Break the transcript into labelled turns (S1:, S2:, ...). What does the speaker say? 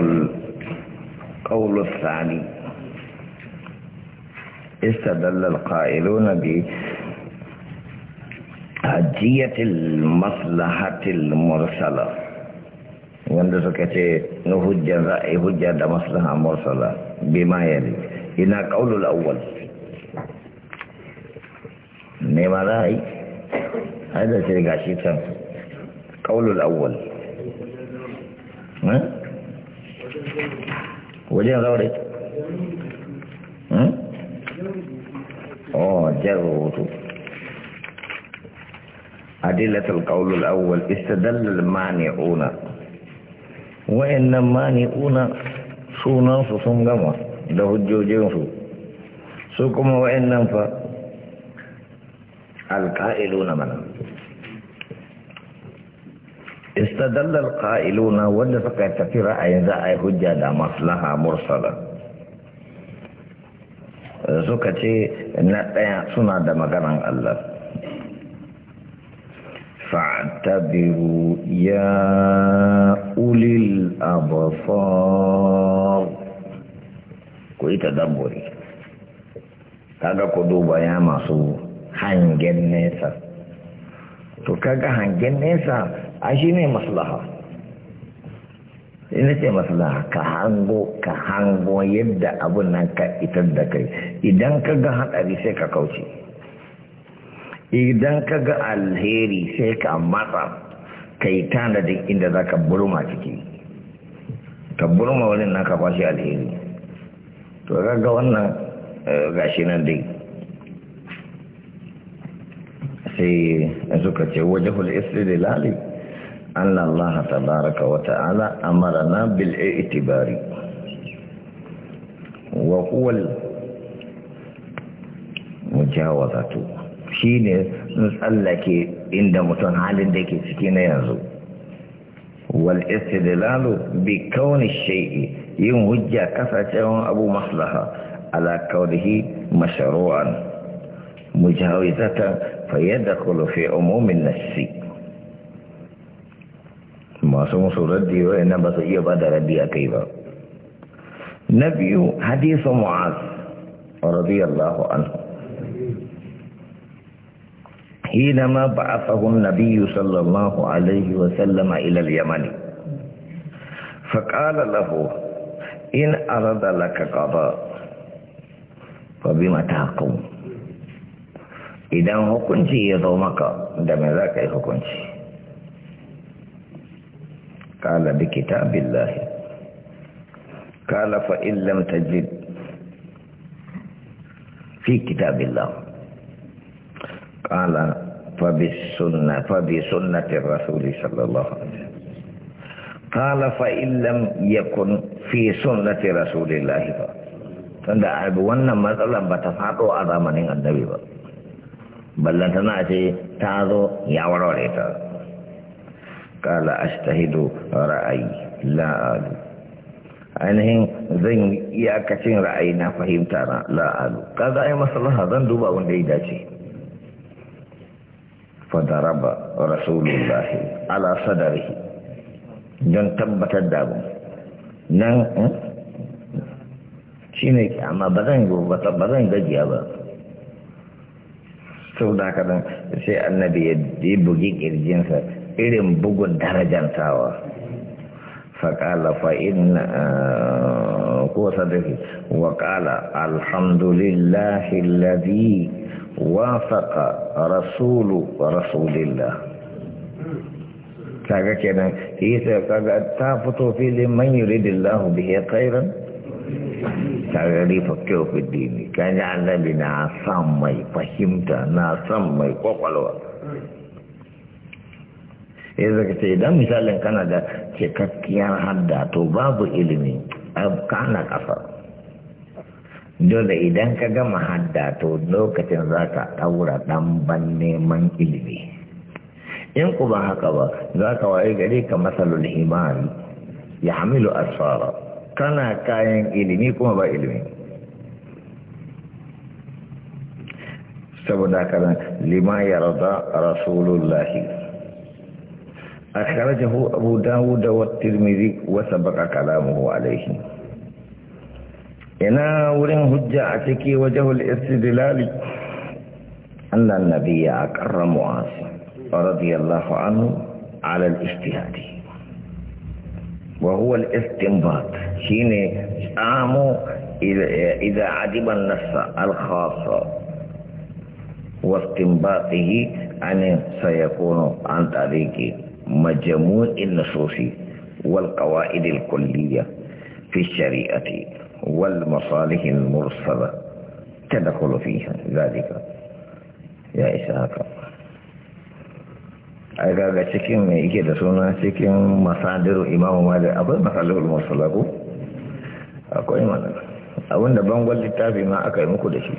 S1: القول الثاني استدل القائلون بحجية المصلحة المرسلة وندرسو كتي نهجة رأي هجة مصلحة مرسلة بما يلي هنا قول الأول نما رأي هذا سيدي قول الأول ها؟ ɗin zaure? Hmm? Oh, jan rahoto. Adilat al-kaulul awwal istadallal mani'una. Wa innan mani'una sun gama da hujjojinsu. Su kuma wa innan fa al-ka'iluna manan. استدل القائلون ودفق كثيرا ايضا اي حجة دا مصلحة مرسلة سوكا تي نتايا سنة دا مقران الله فاعتبروا يا أولي الأبصار كو يتدبري هذا ku duba ya هنجن نيسا nesa to kaga hangen a shi ne maslaha ina ce maslaha ka hango ka hango yadda abun nan ka itar da kai idan ka ga haɗari sai ka kauce idan ka ga alheri sai ka matsa ka yi tanadin inda za ka burma ciki ka burma wani na ka kwashe alheri to ga wannan eh, gashi nan dai sai suka ce waje da lalai أن الله تبارك وتعالى أمرنا بالاعتبار وهو المجاوزة شيني نسألك عند حال لك سكين يزو والاستدلال بكون الشيء ينهج كفة أبو مصلحة على كونه مشروعا مجاوزة فيدخل في عموم النسي masu musu raddi wa'annan ba su iya ba da raddi a kai ba na biyu mu'az radiyallahu anhu حينما بعثه النبي صلى الله عليه وسلم إلى اليمن فقال له إن أرد لك قضاء فبما تحكم إذا هكنت يضمك عندما ذاك هكنت قال بكتاب الله قال فإن لم تجد في كتاب الله قال فبالسنة فبسنة الرسول صلى الله عليه وسلم قال فإن لم يكن في سنة رسول الله tunda abu wannan matsalan ba ta faɗo a zamanin annabi ba ballantana ce ta zo ya warware قال أجتهد رأي لا آلو ainihin zan iyakacin ra'ayi na fahimta na la'alu kaga ai masalaha zan duba wanda ya dace fadaraba rasulullah ala sadari don tabbatar da abin nan shi ne amma ba zan gajiya ba sau da haka nan sai annabi ya yi bugi kirjinsa irin bugun darajantawa faƙala fa'in eh, ko sadaki waƙala alhamdulillahi lalazi wafaƙa rasulu rasulillah kaga kenan isa kaga ta fito filin man yuridillahu bihi khairan kyau fi fidini kan yi annabi na san mai fahimta na san mai kwakwalwa ya zaka ce idan misalin kana da cikakkiyar hadda to babu ilimi kana ƙasa. dole idan ka gama hadda to lokacin za ka ɗaura ban neman ilimi in ku ba haka ba za ka waye gare ka matsalul himari ya hamilu asfara kana kayan ilimi kuma ba ilimi saboda kanan lima ya yarda, rasulullahi a karajahu abu dawud da wattirmizi wasa baka kalamu alaihi ina wurin hujja a ciki wajahul istidlali annan nabiya a karra mu'az radiyallahu anhu ala al-ijtihadi وهو الاستنباط حين قاموا إذا عجب النص الخاص واستنباطه أن سيكون عن طريق مجموع النصوص والقواعد الكلية في الشريعة والمصالح المرسلة تدخل فيها ذلك يا إسحاق ai ga cikin mai yake da suna cikin masadiru imamu malik akwai masalul masalaku akwai mana abinda bangon littafi ma aka yi muku da shi